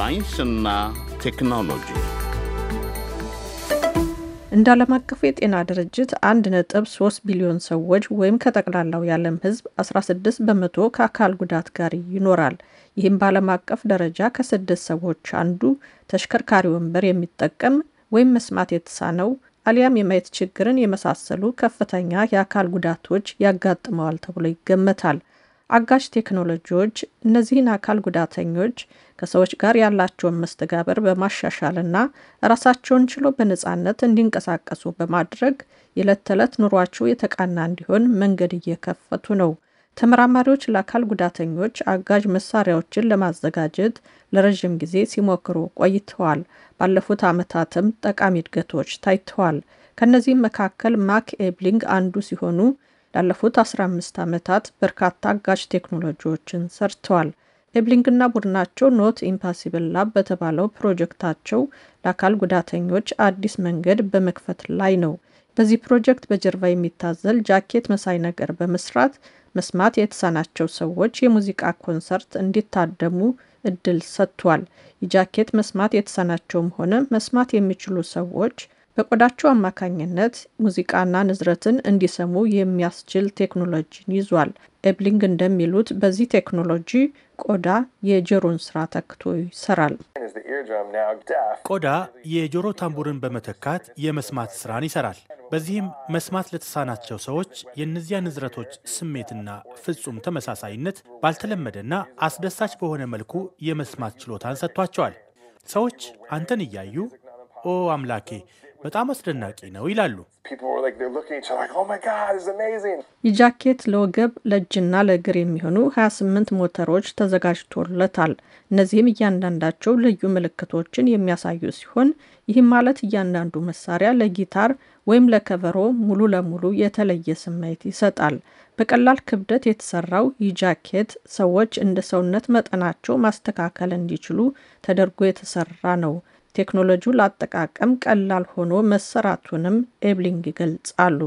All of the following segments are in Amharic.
ሳይንስና ቴክኖሎጂ እንደ ዓለም አቀፍ የጤና ድርጅት 1.3 ቢሊዮን ሰዎች ወይም ከጠቅላላው የዓለም ሕዝብ 16 በመቶ ከአካል ጉዳት ጋር ይኖራል። ይህም በዓለም አቀፍ ደረጃ ከስድስት ሰዎች አንዱ ተሽከርካሪ ወንበር የሚጠቀም ወይም መስማት የተሳነው አሊያም የማየት ችግርን የመሳሰሉ ከፍተኛ የአካል ጉዳቶች ያጋጥመዋል ተብሎ ይገመታል። አጋዥ ቴክኖሎጂዎች እነዚህን አካል ጉዳተኞች ከሰዎች ጋር ያላቸውን መስተጋበር በማሻሻልና ራሳቸውን ችሎ በነፃነት እንዲንቀሳቀሱ በማድረግ የዕለት ተዕለት ኑሯቸው የተቃና እንዲሆን መንገድ እየከፈቱ ነው። ተመራማሪዎች ለአካል ጉዳተኞች አጋዥ መሳሪያዎችን ለማዘጋጀት ለረዥም ጊዜ ሲሞክሩ ቆይተዋል። ባለፉት ዓመታትም ጠቃሚ እድገቶች ታይተዋል። ከእነዚህም መካከል ማክ ኤብሊንግ አንዱ ሲሆኑ ላለፉት 15 ዓመታት በርካታ አጋዥ ቴክኖሎጂዎችን ሰርተዋል። ኤብሊንግና ቡድናቸው ኖት ኢምፓሲብል ላብ በተባለው ፕሮጀክታቸው ለአካል ጉዳተኞች አዲስ መንገድ በመክፈት ላይ ነው። በዚህ ፕሮጀክት በጀርባ የሚታዘል ጃኬት መሳይ ነገር በመስራት መስማት የተሳናቸው ሰዎች የሙዚቃ ኮንሰርት እንዲታደሙ እድል ሰጥቷል። የጃኬት መስማት የተሳናቸውም ሆነ መስማት የሚችሉ ሰዎች በቆዳቸው አማካኝነት ሙዚቃና ንዝረትን እንዲሰሙ የሚያስችል ቴክኖሎጂን ይዟል። ኤብሊንግ እንደሚሉት በዚህ ቴክኖሎጂ ቆዳ የጆሮን ስራ ተክቶ ይሰራል። ቆዳ የጆሮ ታምቡርን በመተካት የመስማት ስራን ይሰራል። በዚህም መስማት ለተሳናቸው ሰዎች የእነዚያ ንዝረቶች ስሜትና ፍጹም ተመሳሳይነት ባልተለመደና አስደሳች በሆነ መልኩ የመስማት ችሎታን ሰጥቷቸዋል። ሰዎች አንተን እያዩ ኦ አምላኬ በጣም አስደናቂ ነው ይላሉ። የጃኬት oh ለወገብ ለእጅና ለእግር የሚሆኑ 28 ሞተሮች ተዘጋጅቶለታል። እነዚህም እያንዳንዳቸው ልዩ ምልክቶችን የሚያሳዩ ሲሆን ይህም ማለት እያንዳንዱ መሳሪያ ለጊታር ወይም ለከበሮ ሙሉ ለሙሉ የተለየ ስሜት ይሰጣል። በቀላል ክብደት የተሰራው ይህ ጃኬት ሰዎች እንደ ሰውነት መጠናቸው ማስተካከል እንዲችሉ ተደርጎ የተሰራ ነው። ቴክኖሎጂው ለአጠቃቀም ቀላል ሆኖ መሰራቱንም ኤብሊንግ ይገልጻሉ።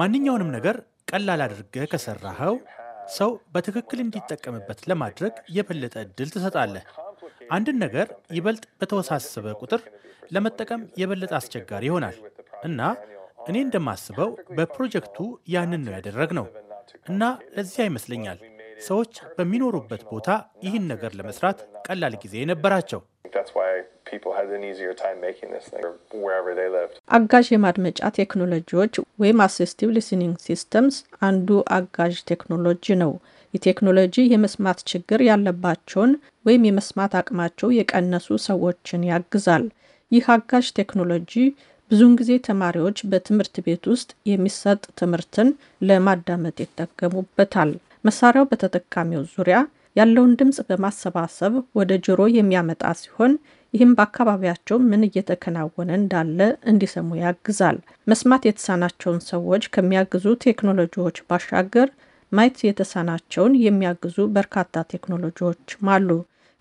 ማንኛውንም ነገር ቀላል አድርገህ ከሰራኸው ሰው በትክክል እንዲጠቀምበት ለማድረግ የበለጠ እድል ትሰጣለህ። አንድን ነገር ይበልጥ በተወሳሰበ ቁጥር ለመጠቀም የበለጠ አስቸጋሪ ይሆናል እና እኔ እንደማስበው በፕሮጀክቱ ያንን ነው ያደረግ ነው እና ለዚያ ይመስለኛል ሰዎች በሚኖሩበት ቦታ ይህን ነገር ለመስራት ቀላል ጊዜ ነበራቸው። አጋዥ የማድመጫ ቴክኖሎጂዎች ወይም አሲስቲቭ ሊስኒንግ ሲስተምስ አንዱ አጋዥ ቴክኖሎጂ ነው። የቴክኖሎጂ የመስማት ችግር ያለባቸውን ወይም የመስማት አቅማቸው የቀነሱ ሰዎችን ያግዛል። ይህ አጋዥ ቴክኖሎጂ ብዙውን ጊዜ ተማሪዎች በትምህርት ቤት ውስጥ የሚሰጥ ትምህርትን ለማዳመጥ ይጠቀሙበታል። መሳሪያው በተጠቃሚው ዙሪያ ያለውን ድምፅ በማሰባሰብ ወደ ጆሮ የሚያመጣ ሲሆን ይህም በአካባቢያቸው ምን እየተከናወነ እንዳለ እንዲሰሙ ያግዛል። መስማት የተሳናቸውን ሰዎች ከሚያግዙ ቴክኖሎጂዎች ባሻገር ማየት የተሳናቸውን የሚያግዙ በርካታ ቴክኖሎጂዎችም አሉ።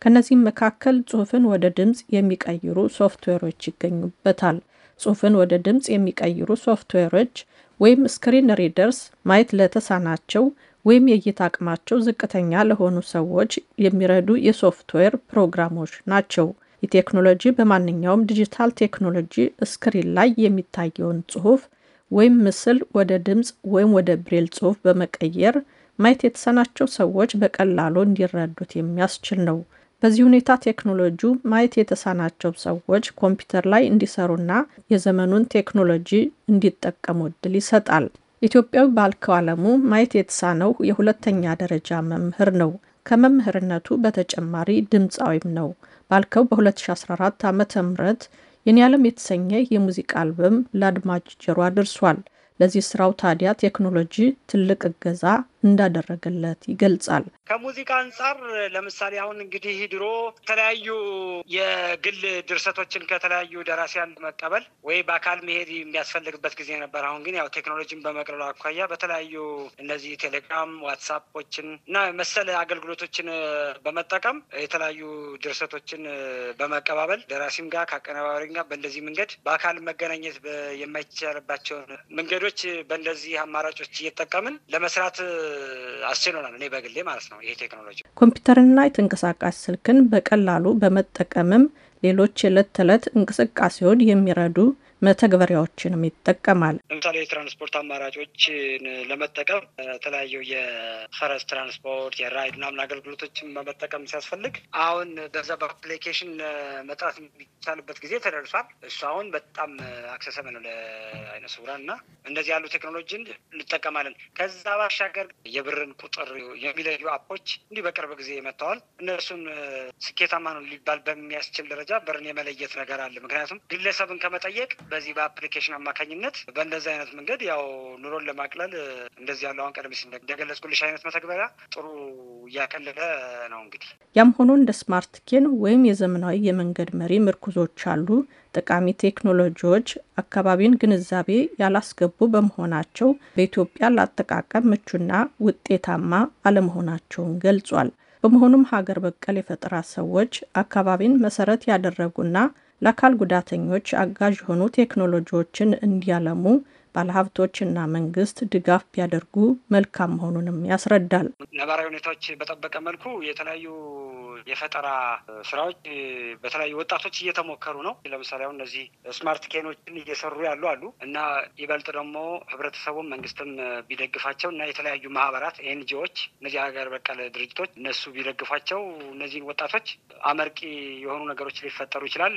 ከእነዚህም መካከል ጽሑፍን ወደ ድምፅ የሚቀይሩ ሶፍትዌሮች ይገኙበታል። ጽሑፍን ወደ ድምፅ የሚቀይሩ ሶፍትዌሮች ወይም ስክሪን ሪደርስ ማየት ለተሳናቸው ወይም የእይታ አቅማቸው ዝቅተኛ ለሆኑ ሰዎች የሚረዱ የሶፍትዌር ፕሮግራሞች ናቸው። የቴክኖሎጂ በማንኛውም ዲጂታል ቴክኖሎጂ ስክሪን ላይ የሚታየውን ጽሁፍ ወይም ምስል ወደ ድምፅ ወይም ወደ ብሬል ጽሁፍ በመቀየር ማየት የተሳናቸው ሰዎች በቀላሉ እንዲረዱት የሚያስችል ነው። በዚህ ሁኔታ ቴክኖሎጂው ማየት የተሳናቸው ሰዎች ኮምፒውተር ላይ እንዲሰሩና የዘመኑን ቴክኖሎጂ እንዲጠቀሙ እድል ይሰጣል። ኢትዮጵያዊ ባልከው አለሙ ማየት የተሳነው የሁለተኛ ደረጃ መምህር ነው። ከመምህርነቱ በተጨማሪ ድምፃዊም ነው። ባልከው በ2014 ዓ ም የኔ ዓለም የተሰኘ የሙዚቃ አልበም ለአድማጭ ጀሮ አድርሷል። ለዚህ ስራው ታዲያ ቴክኖሎጂ ትልቅ እገዛ እንዳደረገለት ይገልጻል። ከሙዚቃ አንጻር ለምሳሌ አሁን እንግዲህ ድሮ የተለያዩ የግል ድርሰቶችን ከተለያዩ ደራሲያን መቀበል ወይ በአካል መሄድ የሚያስፈልግበት ጊዜ ነበር። አሁን ግን ያው ቴክኖሎጂን በመቅረሉ አኳያ በተለያዩ እነዚህ ቴሌግራም፣ ዋትሳፖችን እና መሰል አገልግሎቶችን በመጠቀም የተለያዩ ድርሰቶችን በመቀባበል ደራሲም ጋር ከአቀነባባሪም ጋር በእንደዚህ መንገድ በአካል መገናኘት የማይቻልባቸውን መንገዶች በእንደዚህ አማራጮች እየጠቀምን ለመስራት አስችሎናል። እኔ በግሌ ማለት ነው። ይሄ ቴክኖሎጂ ኮምፒውተርና የተንቀሳቃሽ ስልክን በቀላሉ በመጠቀምም ሌሎች የዕለት ተዕለት እንቅስቃሴውን የሚረዱ መተግበሪያዎችንም ይጠቀማል። ለምሳሌ የትራንስፖርት አማራጮችን ለመጠቀም የተለያዩ የፈረስ ትራንስፖርት፣ የራይድ ምናምን አገልግሎቶችን በመጠቀም ሲያስፈልግ አሁን በዛ በአፕሊኬሽን መጥራት የሚቻልበት ጊዜ ተደርሷል። እሱ አሁን በጣም አክሰሰብ ነው ለአይነ ስውራን እና እንደዚህ ያሉ ቴክኖሎጂን እንጠቀማለን። ከዛ ባሻገር የብርን ቁጥር የሚለዩ አፖች እንዲህ በቅርብ ጊዜ መጥተዋል። እነሱን ስኬታማ ነው ሊባል በሚያስችል ደረጃ ብርን የመለየት ነገር አለ። ምክንያቱም ግለሰብን ከመጠየቅ በዚህ በአፕሊኬሽን አማካኝነት በእንደዚህ አይነት መንገድ ያው ኑሮን ለማቅለል እንደዚህ ያለው አሁን ቀደም ሲል እንደገለጽኩልሽ አይነት መተግበሪያ ጥሩ እያቀለለ ነው። እንግዲህ ያም ሆኖ እንደ ስማርት ኬን ወይም የዘመናዊ የመንገድ መሪ ምርኩዞች አሉ ጠቃሚ ቴክኖሎጂዎች አካባቢን ግንዛቤ ያላስገቡ በመሆናቸው በኢትዮጵያ ላጠቃቀም ምቹና ውጤታማ አለመሆናቸውን ገልጿል። በመሆኑም ሀገር በቀል የፈጠራ ሰዎች አካባቢን መሰረት ያደረጉና ለአካል ጉዳተኞች አጋዥ የሆኑ ቴክኖሎጂዎችን እንዲያለሙ ባለሀብቶችና መንግስት ድጋፍ ቢያደርጉ መልካም መሆኑንም ያስረዳል። ነባራዊ ሁኔታዎች በጠበቀ መልኩ የተለያዩ የፈጠራ ስራዎች በተለያዩ ወጣቶች እየተሞከሩ ነው። ለምሳሌ አሁን እነዚህ ስማርት ኬኖችን እየሰሩ ያሉ አሉ እና ይበልጥ ደግሞ ህብረተሰቡም መንግስትም ቢደግፋቸው እና የተለያዩ ማህበራት ኤንጂዎች፣ እነዚህ ሀገር በቀል ድርጅቶች እነሱ ቢደግፏቸው እነዚህን ወጣቶች አመርቂ የሆኑ ነገሮች ሊፈጠሩ ይችላል።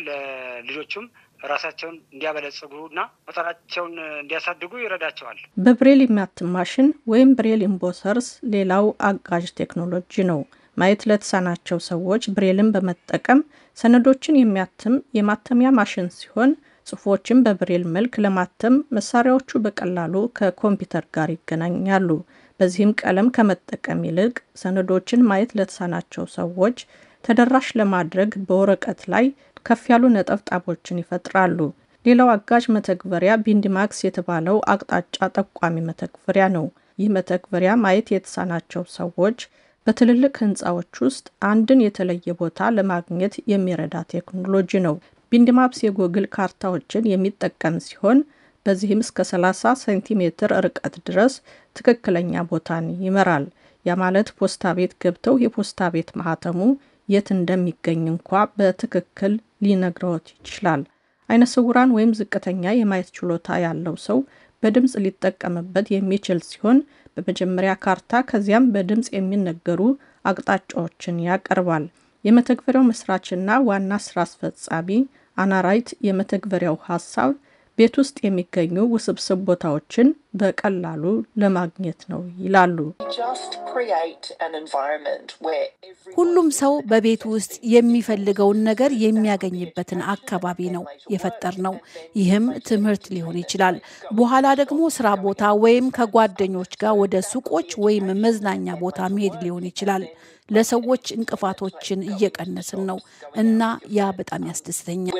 ለልጆቹም ራሳቸውን እንዲያበለጽጉ እና ፈጠራቸውን እንዲያሳድጉ ይረዳቸዋል። በብሬል የሚያትም ማሽን ወይም ብሬል ኢምቦሰርስ ሌላው አጋዥ ቴክኖሎጂ ነው። ማየት ለተሳናቸው ሰዎች ብሬልን በመጠቀም ሰነዶችን የሚያትም የማተሚያ ማሽን ሲሆን ጽሁፎችን በብሬል መልክ ለማተም መሳሪያዎቹ በቀላሉ ከኮምፒውተር ጋር ይገናኛሉ። በዚህም ቀለም ከመጠቀም ይልቅ ሰነዶችን ማየት ለተሳናቸው ሰዎች ተደራሽ ለማድረግ በወረቀት ላይ ከፍ ያሉ ነጠብጣቦችን ይፈጥራሉ። ሌላው አጋዥ መተግበሪያ ቢንድማክስ የተባለው አቅጣጫ ጠቋሚ መተግበሪያ ነው። ይህ መተግበሪያ ማየት የተሳናቸው ሰዎች በትልልቅ ህንፃዎች ውስጥ አንድን የተለየ ቦታ ለማግኘት የሚረዳ ቴክኖሎጂ ነው። ቢንድማፕስ የጉግል ካርታዎችን የሚጠቀም ሲሆን በዚህም እስከ 30 ሴንቲሜትር ርቀት ድረስ ትክክለኛ ቦታን ይመራል። ያ ማለት ፖስታ ቤት ገብተው የፖስታ ቤት ማህተሙ የት እንደሚገኝ እንኳ በትክክል ሊነግረዎት ይችላል። አይነ ስውራን ወይም ዝቅተኛ የማየት ችሎታ ያለው ሰው በድምፅ ሊጠቀምበት የሚችል ሲሆን በመጀመሪያ ካርታ ከዚያም በድምፅ የሚነገሩ አቅጣጫዎችን ያቀርባል። የመተግበሪያው መስራችና ዋና ስራ አስፈጻሚ አናራይት የመተግበሪያው ሀሳብ ቤት ውስጥ የሚገኙ ውስብስብ ቦታዎችን በቀላሉ ለማግኘት ነው ይላሉ። ሁሉም ሰው በቤት ውስጥ የሚፈልገውን ነገር የሚያገኝበትን አካባቢ ነው የፈጠር ነው። ይህም ትምህርት ሊሆን ይችላል። በኋላ ደግሞ ስራ ቦታ ወይም ከጓደኞች ጋር ወደ ሱቆች ወይም መዝናኛ ቦታ መሄድ ሊሆን ይችላል። ለሰዎች እንቅፋቶችን እየቀነስን ነው እና ያ በጣም ያስደስተኛል።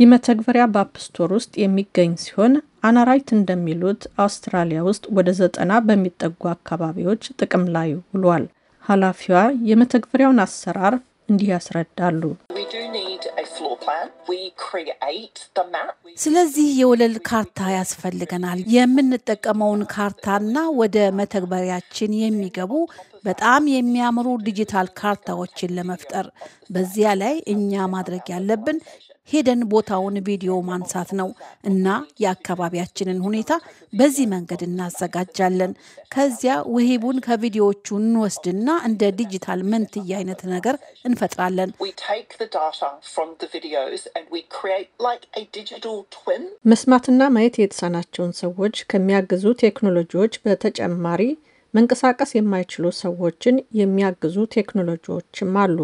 ይህ መተግበሪያ በአፕስቶር ውስጥ የሚገኝ ሲሆን አናራይት እንደሚሉት አውስትራሊያ ውስጥ ወደ ዘጠና በሚጠጉ አካባቢዎች ጥቅም ላይ ውሏል። ኃላፊዋ የመተግበሪያውን አሰራር እንዲህ ያስረዳሉ። ስለዚህ የወለል ካርታ ያስፈልገናል። የምንጠቀመውን ካርታና ወደ መተግበሪያችን የሚገቡ በጣም የሚያምሩ ዲጂታል ካርታዎችን ለመፍጠር በዚያ ላይ እኛ ማድረግ ያለብን ሄደን ቦታውን ቪዲዮ ማንሳት ነው እና የአካባቢያችንን ሁኔታ በዚህ መንገድ እናዘጋጃለን። ከዚያ ውሂቡን ከቪዲዮዎቹ እንወስድና እንደ ዲጂታል መንትያ አይነት ነገር እንፈጥራለን። መስማትና ማየት የተሳናቸውን ሰዎች ከሚያግዙ ቴክኖሎጂዎች በተጨማሪ መንቀሳቀስ የማይችሉ ሰዎችን የሚያግዙ ቴክኖሎጂዎችም አሉ።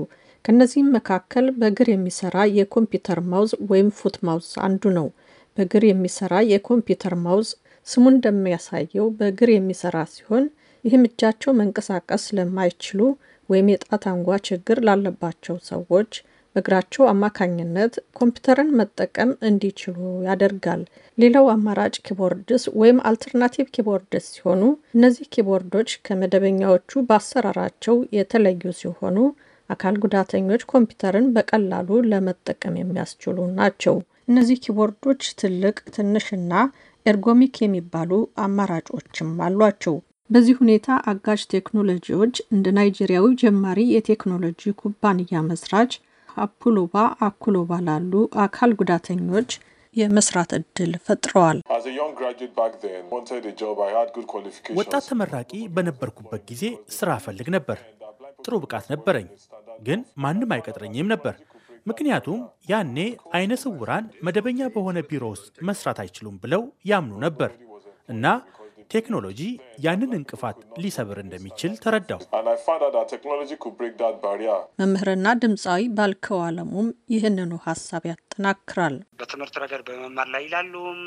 ከእነዚህም መካከል በእግር የሚሰራ የኮምፒውተር ማውዝ ወይም ፉት ማውዝ አንዱ ነው። በእግር የሚሰራ የኮምፒውተር ማውዝ ስሙ እንደሚያሳየው በእግር የሚሰራ ሲሆን ይህም እጃቸው መንቀሳቀስ ለማይችሉ ወይም የጣት አንጓ ችግር ላለባቸው ሰዎች እግራቸው አማካኝነት ኮምፒውተርን መጠቀም እንዲችሉ ያደርጋል። ሌላው አማራጭ ኪቦርድስ ወይም አልተርናቲቭ ኪቦርድስ ሲሆኑ እነዚህ ኪቦርዶች ከመደበኛዎቹ በአሰራራቸው የተለዩ ሲሆኑ አካል ጉዳተኞች ኮምፒውተርን በቀላሉ ለመጠቀም የሚያስችሉ ናቸው። እነዚህ ኪቦርዶች ትልቅ፣ ትንሽና ኤርጎሚክ የሚባሉ አማራጮችም አሏቸው። በዚህ ሁኔታ አጋዥ ቴክኖሎጂዎች እንደ ናይጄሪያዊ ጀማሪ የቴክኖሎጂ ኩባንያ መስራች አፑሎባ አኩሎባ ላሉ አካል ጉዳተኞች የመስራት እድል ፈጥረዋል። ወጣት ተመራቂ በነበርኩበት ጊዜ ስራ እፈልግ ነበር። ጥሩ ብቃት ነበረኝ፣ ግን ማንም አይቀጥረኝም ነበር። ምክንያቱም ያኔ አይነ ስውራን መደበኛ በሆነ ቢሮ ውስጥ መስራት አይችሉም ብለው ያምኑ ነበር እና ቴክኖሎጂ ያንን እንቅፋት ሊሰብር እንደሚችል ተረዳው መምህርና ድምፃዊ ባልከው አለሙም ይህንኑ ሀሳብ ያጠናክራል። በትምህርት ረገድ በመማር ላይ ይላሉም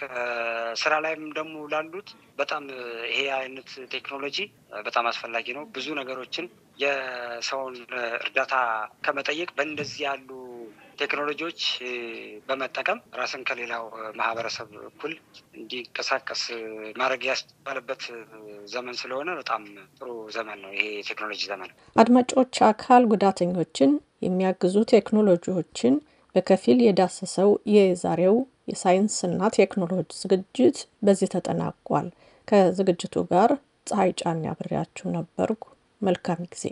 ከስራ ላይም ደግሞ ላሉት በጣም ይሄ አይነት ቴክኖሎጂ በጣም አስፈላጊ ነው። ብዙ ነገሮችን የሰውን እርዳታ ከመጠየቅ በእንደዚህ ያሉ ቴክኖሎጂዎች በመጠቀም ራስን ከሌላው ማህበረሰብ እኩል እንዲንቀሳቀስ ማድረግ ያስባለበት ዘመን ስለሆነ በጣም ጥሩ ዘመን ነው ይሄ የቴክኖሎጂ ዘመን። አድማጮች አካል ጉዳተኞችን የሚያግዙ ቴክኖሎጂዎችን በከፊል የዳሰሰው የዛሬው የሳይንስና ቴክኖሎጂ ዝግጅት በዚህ ተጠናቋል። ከዝግጅቱ ጋር ፀሐይ ጫን ያብሬያችሁ ነበርኩ። መልካም ጊዜ